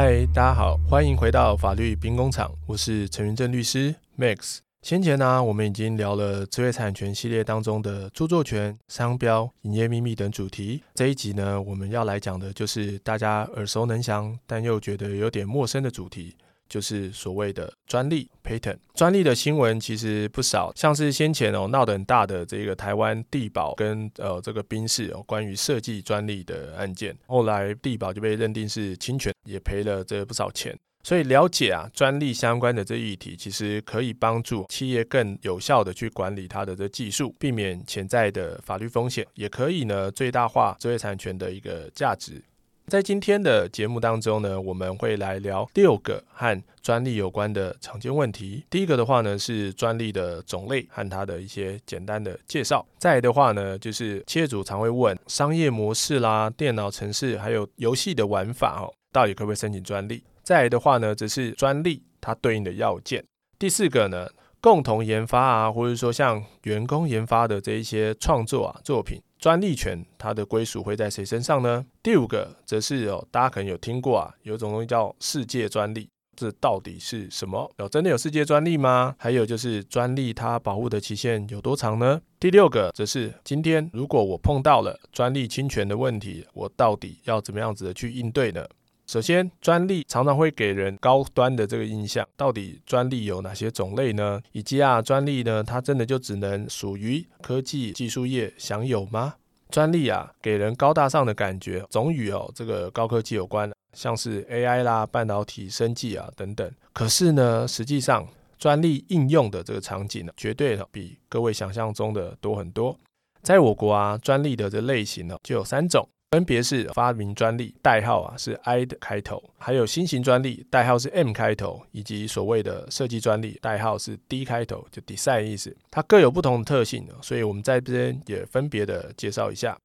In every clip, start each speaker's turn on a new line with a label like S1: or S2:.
S1: 嗨，Hi, 大家好，歡迎回到法律兵工廠，我是陳全正律師 Max。先前呢、啊，我們已經聊了智慧財產權系列當中的著作權、商標、營業秘密等主題。這一集呢，我們要來講的就是大家耳熟能詳，但又覺得有點陌生的主題。就是所謂的專利 patent，專利的新聞其實不少，像是先前哦鬧得很大的這個台灣帝寶，跟呃這個賓士哦關於設計專利的案件，後來帝寶就被認定是侵權，也賠了這不少錢。所以了解啊專利相關的這議題，其實可以幫助企業更有效地去管理它的這技術，避免潛在的法律風險，也可以呢最大化知識產權的一個價值。在今天的節目當中呢，我們會來聊六個和專利有關的常見問題。第一個的話呢，是專利的種類和它的一些簡單的介紹。再來的話呢，就是企業主常會問商業模式啦、電腦程式還有遊戲的玩法哦，到底可不可以申請專利？再來的話呢，則是專利它對應的要件。第四個呢，共同研發啊，或者說像員工研發的這一些創作啊作品。專利權它的歸屬會在誰身上呢？第五個則是哦，大家可能有聽過啊，有一種東西叫世界專利，這到底是什麼？有、哦、真的有世界專利嗎？還有就是專利它保護的期限有多長呢？第六個則是今天如果我碰到了專利侵權的問題，我到底要怎麼樣子的去應對呢？首先，專利常常會給人高端的這個印象。到底專利有哪些種類呢？以及啊，專利呢，它真的就只能屬於科技技術業享有嗎？專利啊，給人高大上的感覺，總與哦這個高科技有關，像是 AI 啦、半導體生、啊、生技啊等等。可是呢，實際上專利應用的這個場景呢、啊，絕對、啊、比各位想象中的多很多。在我國啊，專利的這類型呢、啊，就有三種。分別是發明專利代號啊是 I 的開頭，還有新型專利代號是 M 開頭，以及所謂的設計專利代號是 D 開頭，就 design 意思。它各有不同的特性，所以我們在這邊也分別的介紹一下。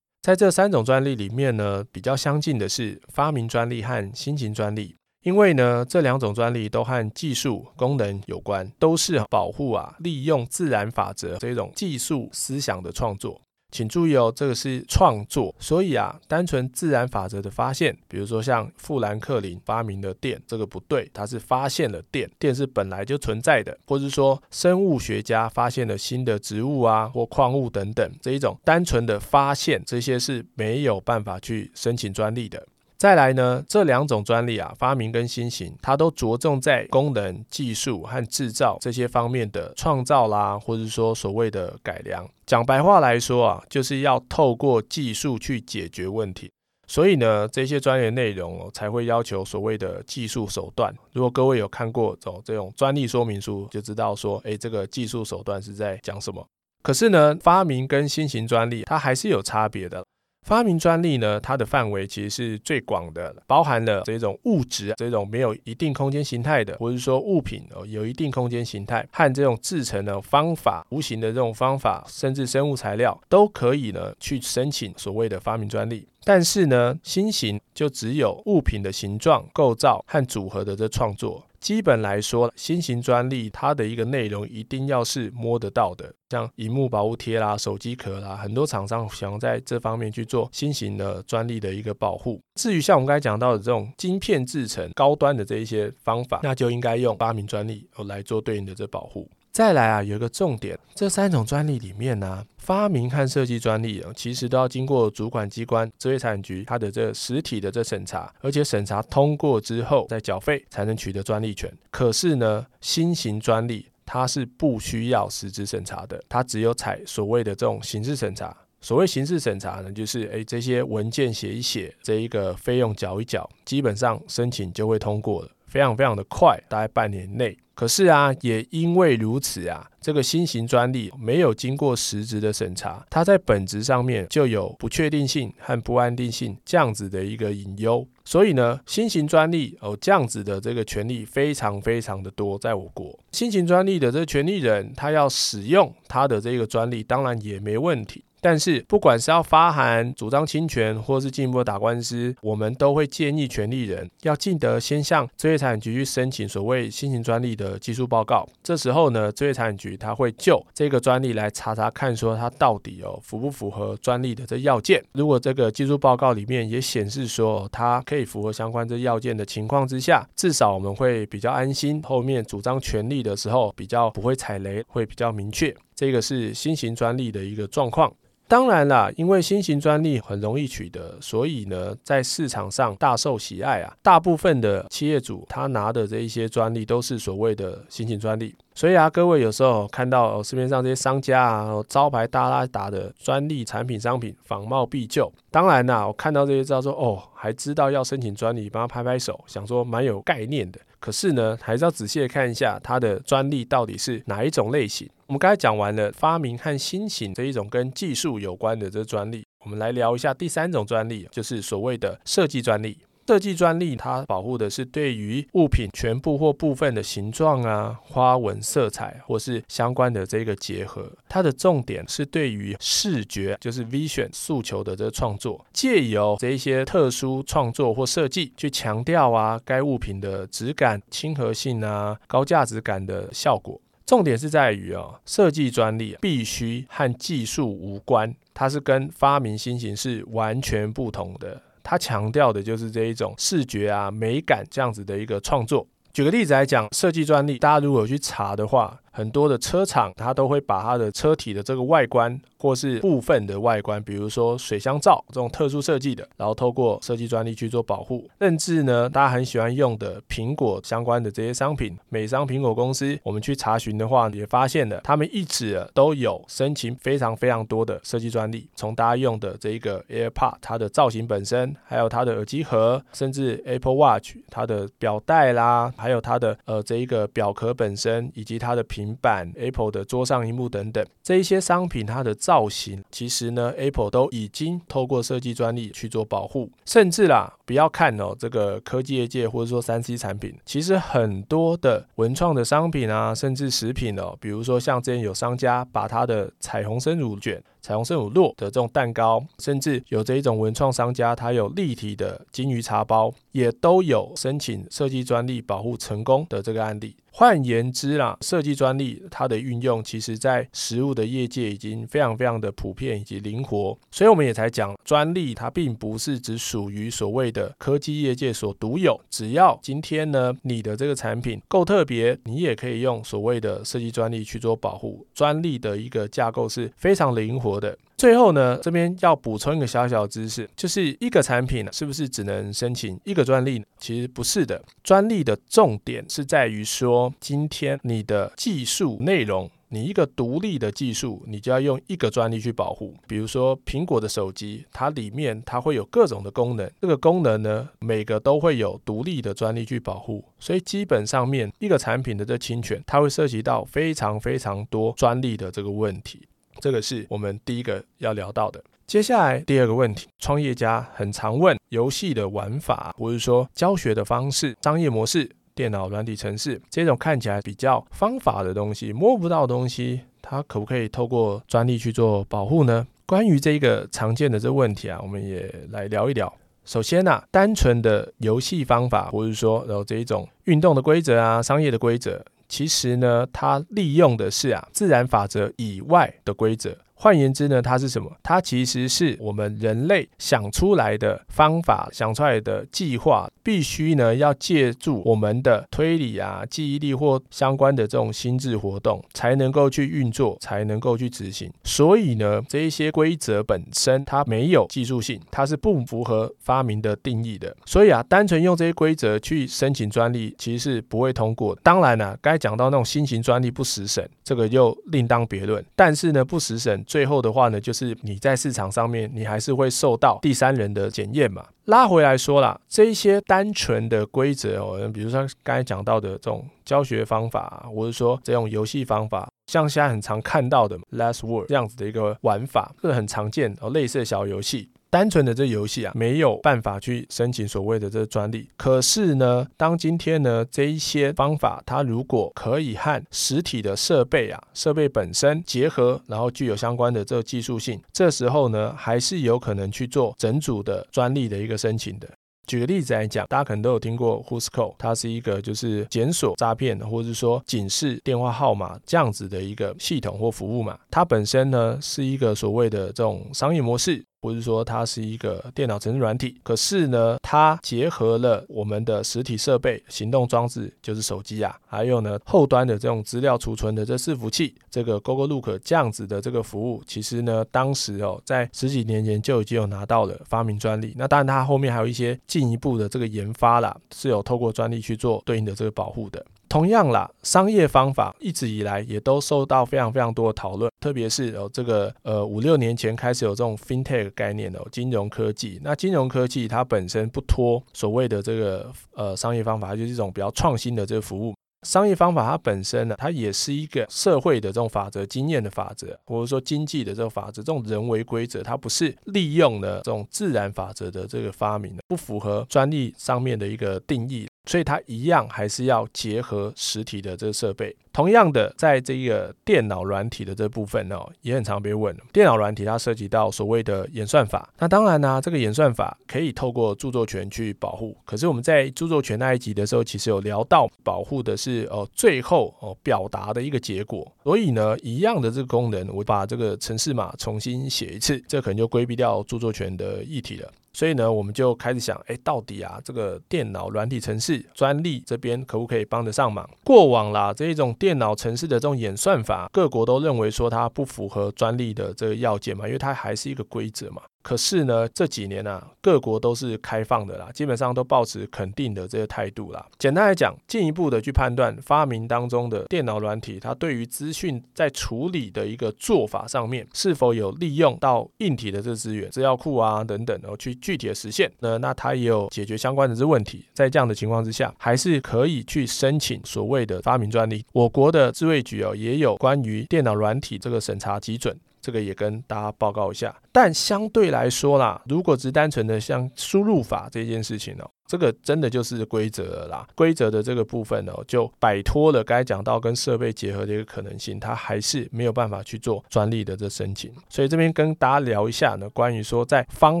S1: 在這三種專利裡面呢，比較相近的是發明專利和新型專利，因為呢這兩種專利都和技術功能有關，都是保護啊利用自然法則這種技術思想的創作。請注意哦，這個是創作，所以啊，單純自然法則的發現，比如說像富蘭克林發明了電，這個不對，他是發現了電，電是本來就存在的，或是說生物學家發現了新的植物啊或礦物等等，這一種單純的發現，這些是沒有辦法去申請專利的。再來呢，這兩種專利啊，發明跟新型，它都着重在功能、技術和制造這些方面的創造啦，或者說所謂的改良。講白話來說啊，就是要透過技術去解決問題。所以呢，這些專業內容、哦、才會要求所謂的技術手段。如果各位有看過、哦、這種專利說明書，就知道說，哎，這個技術手段是在講什麼。可是呢，發明跟新型專利它還是有差別的。發明專利呢，它的範圍其實是最廣的，包含了這種物質、這種沒有一定空間形態的，或是說物品哦，有一定空間形態和這種製程的方法、無形的這種方法，甚至生物材料都可以呢去申請所謂的發明專利。但是呢，新型就只有物品的形狀、構造和組合的這創作。基本來說，新型專利它的一個內容一定要是摸得到的，像熒幕保護貼啦、手機殼啦，很多廠商想要在這方面去做新型的專利的一個保護。至於像我們剛才講到的這種晶片製程高端的這一些方法，那就應該用發明專利哦，來做對應的這保護。再來啊，有一個重點，這三種專利裡面呢、啊，發明和設計專利啊，其實都要經過主管機關——智慧財產局——它的這實體的這審查，而且審查通過之後再繳費才能取得專利權。可是呢，新型專利它是不需要實質審查的，它只有採所謂的這種形式審查。所謂形式審查呢，就是哎，這些文件寫一寫，這一個費用繳一繳，基本上申請就會通過了。非常非常的快，大概半年內。可是啊，也因為如此啊，這個新型專利沒有經過實質的審查，它在本質上面就有不確定性和不安定性這樣子的一個隱憂。所以呢，新型專利哦，這樣子的這個權利非常非常的多，在我國。新型專利的這個權利人，他要使用他的這個專利，當然也沒問題。但是，不管是要發函主張侵權，或是進一步打官司，我們都會建議權利人要記得先向智慧財產局去申請所謂新型專利的技術報告。這時候呢，智慧財產局他會就這個專利來查查看，說它到底哦符不符合專利的這要件。如果這個技術報告裡面也顯示說它可以符合相關這要件的情況之下，至少我們會比較安心，後面主張權利的時候比較不會踩雷，會比較明確。這個是新型專利的一個狀況。當然啦，因為新型專利很容易取得，所以呢，在市場上大受喜愛啊。大部分的企業主他拿的這一些專利都是所謂的新型專利。所以啊，各位有時候看到市面、哦、上這些商家啊，哦、招牌大拉達的專利產品商品仿冒必究。當然啦，啊，我看到這些招說哦，還知道要申請專利，幫他拍拍手，想說蠻有概念的。可是呢，還是要仔細的看一下它的專利到底是哪一種類型。我們剛才講完了發明和新型這一種跟技術有關的這專利，我們來聊一下第三種專利，就是所謂的設計專利。設計專利它保護的是對於物品全部或部分的形狀啊、花紋、色彩，或是相關的這個結合。它的重點是對於視覺，就是 vision 訴求的這個創作，借由這一些特殊創作或設計，去強調啊該物品的質感、親和性啊、高價值感的效果。重點是在於哦，設計專利必須和技術無關，它是跟發明新型是完全不同的。它強調的就是這一種視覺啊美感這樣子的一個創作。舉個例子來講，設計專利，大家如果去查的話，很多的車廠，它都會把它的車體的這個外觀，或是部分的外觀，比如說水箱罩這種特殊設計的，然後透過設計專利去做保護。甚至呢，大家很喜歡用的蘋果相關的這些商品，美商蘋果公司，我們去查詢的話，也發現了他們一直都有申請非常非常多的設計專利，從大家用的這一個 AirPod，它的造型本身，還有它的耳機盒，甚至 Apple Watch 它的錶帶啦，還有它的呃這一個錶殼本身，以及它的屏、平板、Apple 的桌上熒幕等等，這一些商品它的造型，其實呢，Apple 都已經透過設計專利去做保護，甚至啦，不要看哦，這個科技業界或者說三 C 產品，其實很多的文創的商品啊，甚至食品哦，比如說像之前有商家把它的彩虹生乳捲，彩虹生乳酪的這種蛋糕，甚至有這一種文創商家，它有立體的金魚茶包，也都有申請設計專利保護成功的這個案例。換言之啦，設計專利它的運用，其實，在食物的業界已經非常非常的普遍以及靈活。所以，我們也才講，專利它並不是只屬於所謂的科技業界所獨有。只要今天呢，你的這個產品夠特別，你也可以用所謂的設計專利去做保護。專利的一個架構是非常靈活。的最後呢，這邊要補充一個小小的知識，就是一個產品呢，是不是只能申請一個專利呢？其實不是的。專利的重點是在於說，今天你的技術內容，你一個獨立的技術，你就要用一個專利去保護。比如說蘋果的手機，它裡面它會有各種的功能，這個功能呢，每個都會有獨立的專利去保護。所以基本上面，一個產品的這侵權，它會涉及到非常非常多專利的這個問題。這個是我們第一個要聊到的。接下來第二個問題，創業家很常問：遊戲的玩法，或者說教學的方式、商業模式、電腦軟體程式這種看起來比較方法的東西，摸不到東西，它可不可以透過專利去做保護呢？關於這個常見的這問題啊，我們也來聊一聊。首先呢，啊，單純的遊戲方法，或者說，然後這一種運動的規則啊，商業的規則。其實呢，它利用的是啊自然法則以外的規則。換言之呢，它是什麼？它其實是我們人類想出來的方法，想出來的計劃，必須呢要借助我們的推理啊、記憶力或相關的這種心智活動，才能夠去運作，才能夠去執行。所以呢，這一些規則本身它沒有技術性，它是不符合發明的定義的。所以啊，單純用這些規則去申請專利，其實是不會通過。當然呢、啊，剛才講到那種新型專利不實審，這個又另當別論。但是呢，不實審。最後的話呢，就是你在市場上面，你還是會受到第三人的檢驗嘛。拉回來說啦，這一些單純的規則哦，比如像剛才講到的這種教學方法、啊，或是說這種遊戲方法，像現在很常看到的 Last Word 這樣子的一個玩法，是、這個、很常見哦，類似的小遊戲。單純的這遊戲啊，沒有辦法去申請所謂的這個專利。可是呢，當今天呢，這一些方法，它如果可以和實體的設備啊、設備本身結合，然後具有相關的這個技術性，這時候呢，還是有可能去做整組的專利的一個申請的。舉個例子來講，大家可能都有聽過 Whoscall，它是一個就是檢索詐騙或者是說警示電話號碼這樣子的一個系統或服務嘛。它本身呢，是一個所謂的這種商業模式。或者說它是一個電腦程式軟體，可是呢，它結合了我們的實體設備、行動裝置，就是手機啊，還有呢，後端的這種資料儲存的這伺服器，這個 GoGoLook 這樣子的這個服務，其實呢，當時哦，在十幾年前就已經有拿到了發明專利。那當然，它後面還有一些進一步的這個研發啦，是有透過專利去做對應的這個保護的。同樣啦，商業方法一直以來也都受到非常非常多的討論，特別是哦這個呃五六年前開始有這種 fintech 概念的，哦、金融科技。那金融科技它本身不脫所謂的這個呃商業方法，就是一種比較創新的這個服務。商業方法它本身呢，它也是一個社會的這種法則、經驗的法則，或者說經濟的這種法則、這種人為規則，它不是利用了這種自然法則的這個發明，不符合專利上面的一個定義。所以它一樣還是要結合實體的這個設備。同樣的，在這個電腦軟體的這部分哦，也很常被問。電腦軟體它涉及到所謂的演算法，那當然啦、啊，這個演算法可以透過著作權去保護。可是我們在著作權那一集的時候，其實有聊到保護的是哦，最後哦表達的一個結果。所以呢，一樣的這個功能，我把這個程式碼重新寫一次，這可能就規避掉著作權的議題了。所以呢，我們就開始想，哎、欸，到底啊，這個電腦軟體程式專利這邊可不可以幫得上忙？過往啦，這一種電腦程式的這種演算法，各國都認為說它不符合專利的這個要件嘛，因為它還是一個規則嘛。可是呢，這幾年啊，各國都是開放的啦，基本上都抱持肯定的這個態度啦。簡單來講，進一步的去判斷發明當中的電腦軟體，它對於資訊在處理的一個做法上面，是否有利用到硬體的這個資源、資料庫啊等等，然、哦、後去具體的實現。呢、呃，那它也有解決相關的這問題，在這樣的情況之下，還是可以去申請所謂的發明專利。我國的智慧局哦，也有關於電腦軟體這個審查基準。這個也跟大家報告一下，但相對來說啦，如果只單純的像輸入法這件事情呢，哦，這個真的就是規則了啦，規則的這個部分哦，就擺脫了該講到跟設備結合的一個可能性，它還是沒有辦法去做專利的這申請。所以這邊跟大家聊一下呢，關於說在方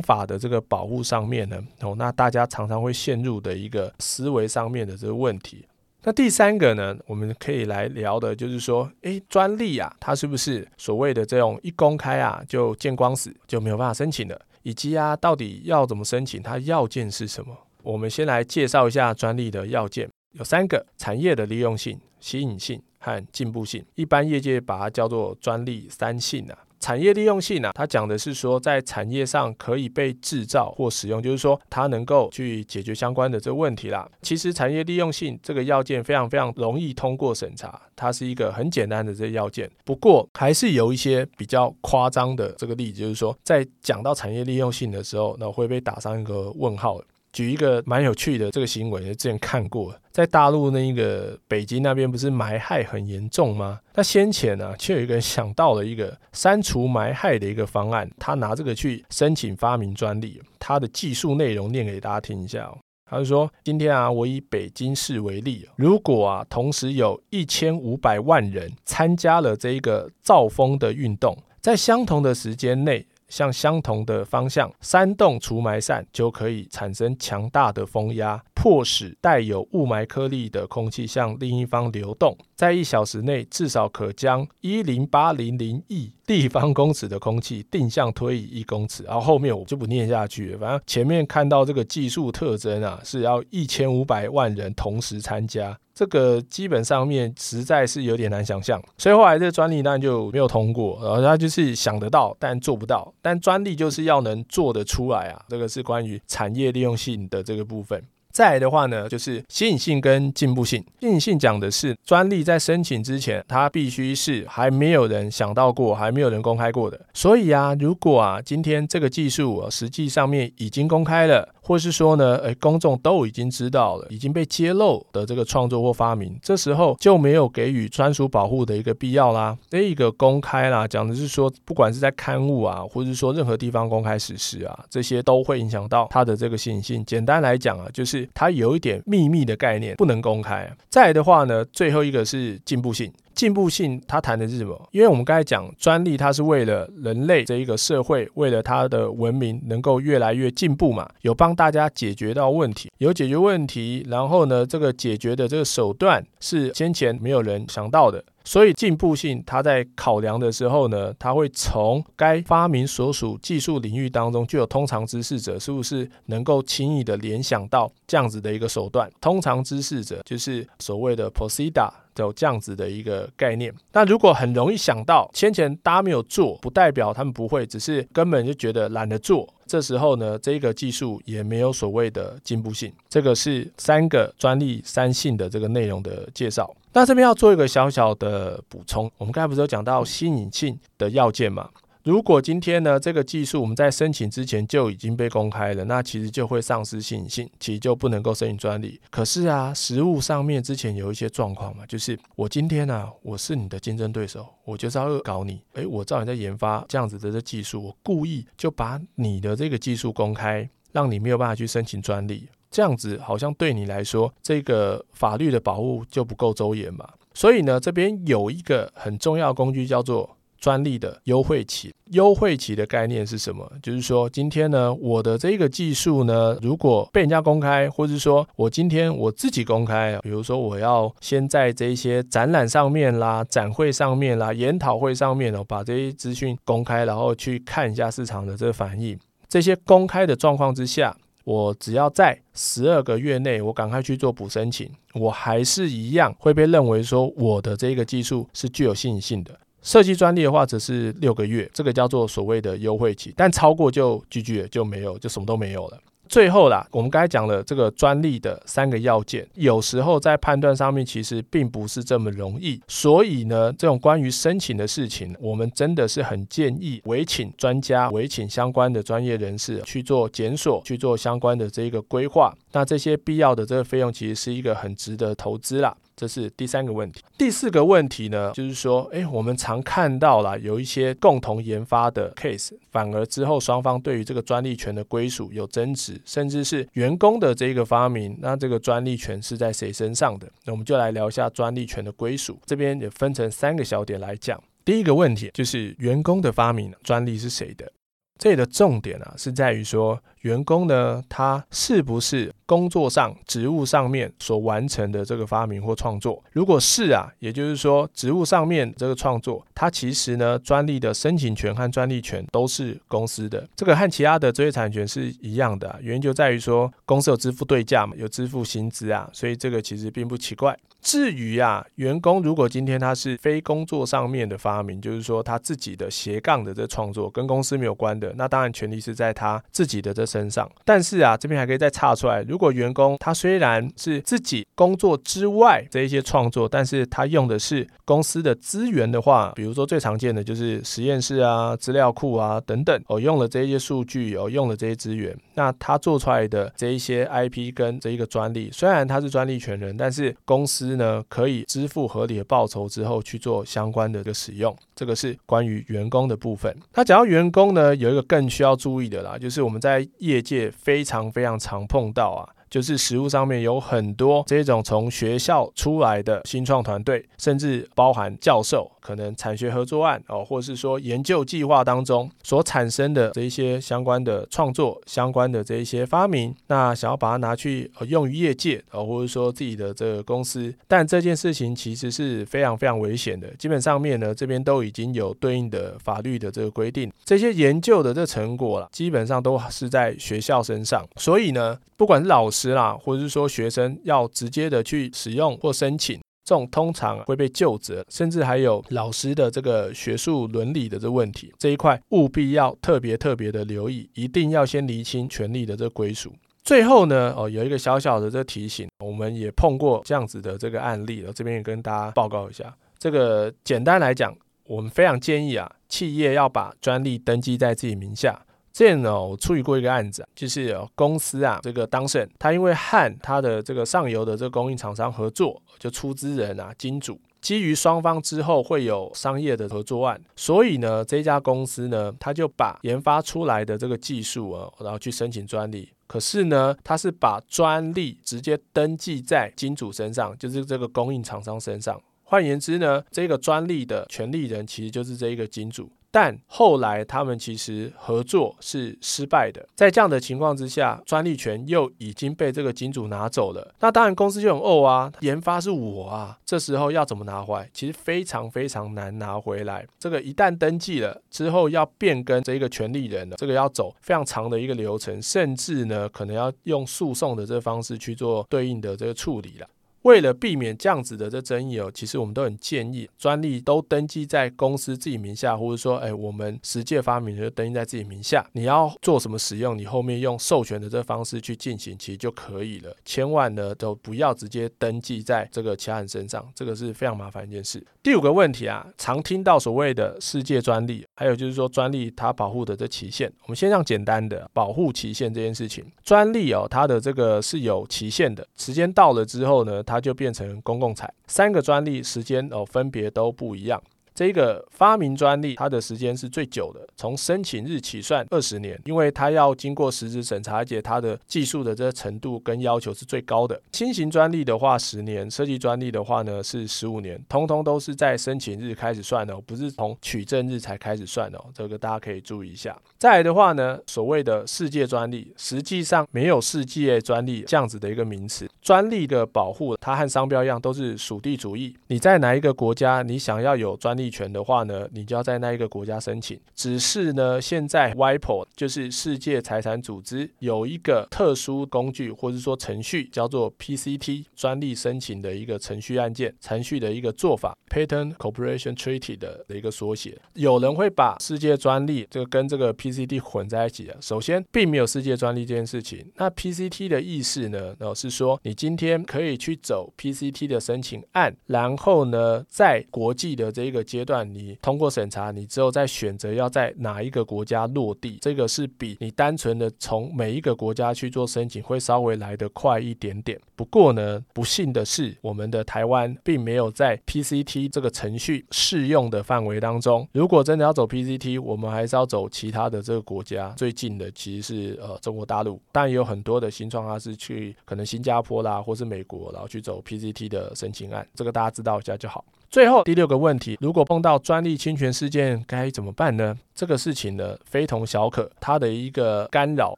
S1: 法的這個保護上面呢，哦，那大家常常會陷入的一個思維上面的這個問題。那第三個呢，我們可以來聊的，就是說，誒，專利啊，它是不是所謂的這種一公開啊就見光死就沒有辦法申請了？以及啊，到底要怎麼申請？它要件是什麼？我們先來介紹一下專利的要件，有三個：產業的利用性、新穎性和進步性。一般業界把它叫做專利三性啊。產業利用性啊，它講的是說，在產業上可以被製造或使用，就是說它能夠去解決相關的這個問題啦。其實產業利用性這個要件非常非常容易通過審查，它是一個很簡單的這個要件。不過還是有一些比較誇張的這個例子，就是說在講到產業利用性的時候，那我會被打上一個問號。舉一個蠻有趣的這個新聞，之前看過，在大陸那個北京那邊不是霾害很嚴重嗎？那先前呢、啊，卻有一個人想到了一個刪除霾害的一個方案，他拿這個去申請發明專利。他的技術內容念給大家聽一下，他就說：“今天啊，我以北京市為例，如果啊，同時有一千五百萬人參加了這一個造風的運動，在相同的時間內。”向相同的方向煽動除霾扇，就可以產生強大的風壓。迫使帶有霧霾顆粒的空氣向另一方流動，在一小時內至少可將一零八零零億立方公尺的空氣定向推移一公尺。然後後面我就不念下去了，反正前面看到這個技術特徵啊，是要一千五百萬人同時參加，這個基本上面實在是有點難想象，所以後來這個專利當然就沒有通過。然後他就是想得到，但做不到，但專利就是要能做得出來啊，這個是關於產業利用性的這個部分。再來的話呢，就是新穎性跟進步性。新穎性講的是專利在申請之前，它必須是還沒有人想到過，還沒有人公開過的。所以啊，如果啊，今天這個技術啊，實際上面已經公開了。或是說呢，哎、欸，公眾都已經知道了，已經被揭露的這個創作或發明，這時候就沒有給予專屬保護的一個必要啦。這一個公開啦，講的是說，不管是在刊物啊，或者說任何地方公開實施啊，這些都會影響到它的這個新穎性。簡單來講啊，就是它有一點秘密的概念，不能公開、啊。再來的話呢，最後一個是進步性。進步性，它談的是什麼？因為我們剛才講專利，它是為了人類這一個社會，為了它的文明能夠越來越進步嘛，有幫大家解決到問題，有解決問題，然後呢，這個解決的這個手段是先前沒有人想到的。所以進步性，它在考量的時候呢，它會從該發明所屬技術領域當中，具有通常知識者是不是能夠輕易的聯想到這樣子的一個手段？通常知識者就是所謂的 POSITA 有這樣子的一個概念。但如果很容易想到，先前大家沒有做，不代表他們不會，只是根本就覺得懶得做。這時候呢，這個技術，也沒有所謂的進步性。這個是三個專利三性的這個內容的介紹。那這邊要做一個小小的補充，我們剛才不是有講到新穎性的要件嗎？如果今天呢，這個技術我們在申請之前就已經被公開了，那其實就會喪失新穎性，其實就不能夠申請專利。可是啊，實務上面之前有一些狀況嘛，就是我今天呢，啊，我是你的競爭對手，我就是要惡搞你。誒，我照你在研發這樣子的這技術，我故意就把你的這個技術公開，讓你沒有辦法去申請專利。這樣子好像對你來說，這個法律的保護就不夠周延嘛。所以呢，這邊有一個很重要的工具叫做。專利的優惠期，優惠期的概念是什麼？就是說，今天呢，我的這個技術呢，如果被人家公開，或是說，我今天我自己公開，比如說，我要先在這些展覽上面啦、展會上面啦、研討會上面哦，把這些資訊公開，然後去看一下市場的這個反應。這些公開的狀況之下，我只要在十二個月內，我趕快去做補申請，我還是一樣會被認為說我的這個技術是具有新穎性的。設計專利的話只是六個月，這個叫做所謂的優惠期，但超過就拒絕就沒有，就什麼都沒有了。最後啦，我們剛才講了這個專利的三個要件，有時候在判斷上面其實並不是這麼容易。所以呢，這種關於申請的事情，我們真的是很建議委請專家、委請相關的專業人士去做檢索、去做相關的這個規劃。那這些必要的這個費用，其實是一個很值得投資啦。這是第三個問題，第四個問題呢，就是說，哎、欸，我們常看到啦，有一些共同研發的 case，反而之後雙方對於這個專利權的歸屬有爭執，甚至是員工的這個發明，那這個專利權是在誰身上的？那我們就來聊一下專利權的歸屬，這邊也分成三個小點來講。第一個問題就是員工的發明專利是誰的？這裡的重點啊，是在於說。員工呢，他是不是工作上職務上面所完成的這個發明或創作？如果是啊，也就是說職務上面這個創作，它其實呢，專利的申請權和專利權都是公司的。這個和其他的智慧財產權是一樣的啊，原因就在於說公司有支付對價嘛，有支付薪資啊，所以這個其實並不奇怪。至於啊，員工如果今天他是非工作上面的發明，就是說他自己的斜槓的這創作跟公司沒有關的，那當然權利是在他自己的這身上，但是啊，這邊還可以再岔出來。如果員工他雖然是自己工作之外這一些創作，但是他用的是公司的資源的話，比如說最常見的就是實驗室啊、資料庫啊等等，我、哦、用了這一些數據，哦，用了這些資源，那他做出來的這一些 IP 跟這一個專利，雖然他是專利權人，但是公司呢，可以支付合理的報酬之後去做相關的這個使用。這個是關於員工的部分。那講到員工呢，有一個更需要注意的啦，就是我們在。業界非常非常常碰到啊。就是實務上面有很多這種從學校出來的新創團隊，甚至包含教授，可能產學合作案哦，或者是說研究計劃當中所產生的這一些相關的創作、相關的這一些發明，那想要把它拿去、呃、用於業界哦，或者說自己的這個公司，但這件事情其實是非常非常危險的。基本上面呢，這邊都已經有對應的法律的這個規定，這些研究的這個成果了，基本上都是在學校身上，所以呢，不管是老師。啦，或者是說學生要直接的去使用或申請，這種通常會被究責，甚至還有老師的這個學術倫理的這問題，這一塊務必要特別特別的留意，一定要先釐清權利的這歸屬。最後呢，哦，有一個小小的這提醒，我們也碰過這樣子的這個案例，哦，這邊也跟大家報告一下。這個簡單來講，我們非常建議啊，企業要把專利登記在自己名下。之前呢，我處理過一個案子，就是公司啊，這個當事人他因為和他的這個上游的這個供應廠商合作，就出資人啊，金主，基於雙方之後會有商業的合作案，所以呢，這家公司呢，他就把研發出來的這個技術啊，然後去申請專利，可是呢，他是把專利直接登記在金主身上，就是這個供應廠商身上。換言之呢，這個專利的權利人其實就是這一個金主。但後來他們其實合作是失敗的，在這樣的情況之下，專利權又已經被這個金主拿走了。那當然公司就很慪啊，研發是我啊，這時候要怎麼拿回來？其實非常非常難拿回來。這個一旦登記了之後，要變更這個權利人了，這個要走非常長的一個流程，甚至呢可能要用訴訟的這個方式去做對應的這個處理了。為了避免這樣子的這爭議哦，其實我們都很建議專利都登記在公司自己名下，或者說，哎，我們實際發明就登記在自己名下。你要做什麼使用，你後面用授權的這個方式去進行，其實就可以了。千萬呢，都不要直接登記在這個其他人身上，這個是非常麻煩一件事。第五個問題啊，常聽到所謂的世界專利，還有就是說專利它保護的這期限。我們先講簡單的保護期限這件事情。專利哦，它的這個是有期限的，時間到了之後呢，它。它就變成公共財。三個專利時間哦，分別都不一樣。這個發明專利，它的時間是最久的，從申請日起算二十年，因為它要經過實質審查，而且它的技術的這個程度跟要求是最高的。新型專利的話十年，設計專利的話呢是十五年，通通都是在申請日開始算的哦，不是從取證日才開始算的哦，這個大家可以注意一下。再來的話呢，所謂的世界專利，實際上沒有世界專利這樣子的一個名詞。專利的保護，它和商標一樣，都是屬地主義。你在哪一個國家，你想要有專利？權的話呢，你就要在那一個國家申請。只是呢，現在 WIPO 就是世界財產組織，有一個特殊工具或者說程序，叫做 PCT 專利申請的一個程序案件，程序的一個做法，Patent Cooperation Treaty 的的一個縮寫。有人會把世界專利這個跟這個 PCT 混在一起啊。首先，並沒有世界專利這件事情。那 PCT 的意思呢，然後是說，你今天可以去走 PCT 的申請案，然後呢，在國際的這個。階段，你通過審查，你之後再選擇要在哪一個國家落地，這個是比你單純的從每一個國家去做申請會稍微來得快一點點。不過呢，不幸的是，我們的台灣並沒有在 PCT 這個程序適用的範圍當中。如果真的要走 PCT，我們還是要走其他的這個國家最近的，其實是呃中國大陸。但也有很多的新創啊，是去可能新加坡啦，或是美國，然後去走 PCT 的申請案。這個大家知道一下就好。最後第六個問題，如果碰到專利侵權事件該怎麼辦呢？這個事情呢，非同小可，它的一個干擾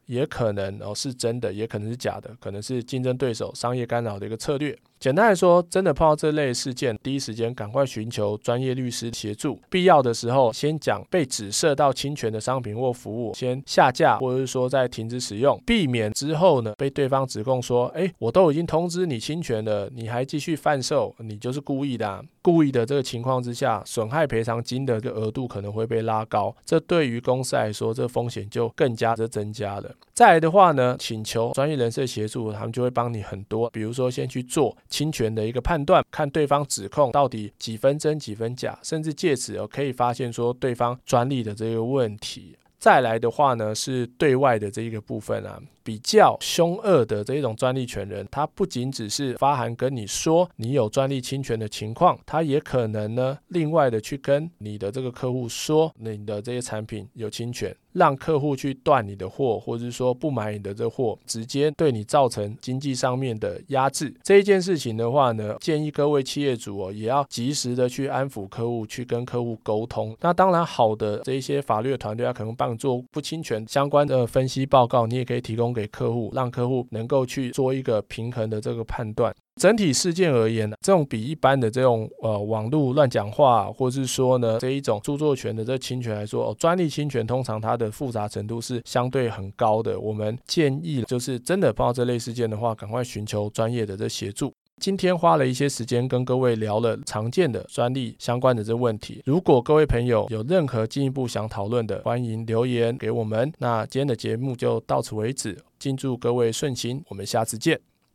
S1: 也可能哦是真的，也可能是假的，可能是競爭對手，商業干擾的一個策略。簡單來說，真的碰到這類事件，第一時間趕快尋求專業律師協助，必要的時候先講被指涉到侵權的商品或服務先下架，或者是說再停止使用，避免之後呢被對方指控說，哎、欸，我都已經通知你侵權了，你還繼續販售，你就是故意的啊。故意的這個情況之下，損害賠償金的這個額度可能會被拉高，這對於公司來說，這風險就更加增加了。再來的話呢，請求專業人士協助，他們就會幫你很多，比如說先去做。侵權的一個判斷，看對方指控到底幾分真幾分假，甚至借此哦可以發現說，對方專利的這個問題。再來的話呢，是對外的這一個部分啊。比較兇惡的這一種專利權人，他不僅只是發函跟你說你有專利侵權的情況，他也可能呢另外的去跟你的這個客戶說你的這些產品有侵權，讓客戶去斷你的貨，或者是說不買你的這貨，直接對你造成經濟上面的壓制。這一件事情的話呢，建議各位企業主哦也要及時的去安撫客戶，去跟客戶溝通。那當然好的這一些法律的團隊，他可能幫你做不侵權相關的分析報告，你也可以提供給客戶，讓客戶能夠去做一個平衡的這個判斷。整體事件而言呢，這種比一般的這種呃網絡亂講話，或是說呢這一種著作權的這侵權來說，哦，專利侵權通常它的複雜程度是相對很高的。我們建議就是真的碰到這類事件的話，趕快尋求專業的這協助。今天花了一些時間跟各位聊了常見的專利相關的這問題。如果各位朋友有任何進一步想討論的，歡迎留言給我們。那今天的節目就到此為止，敬祝各位順心。我們下次見。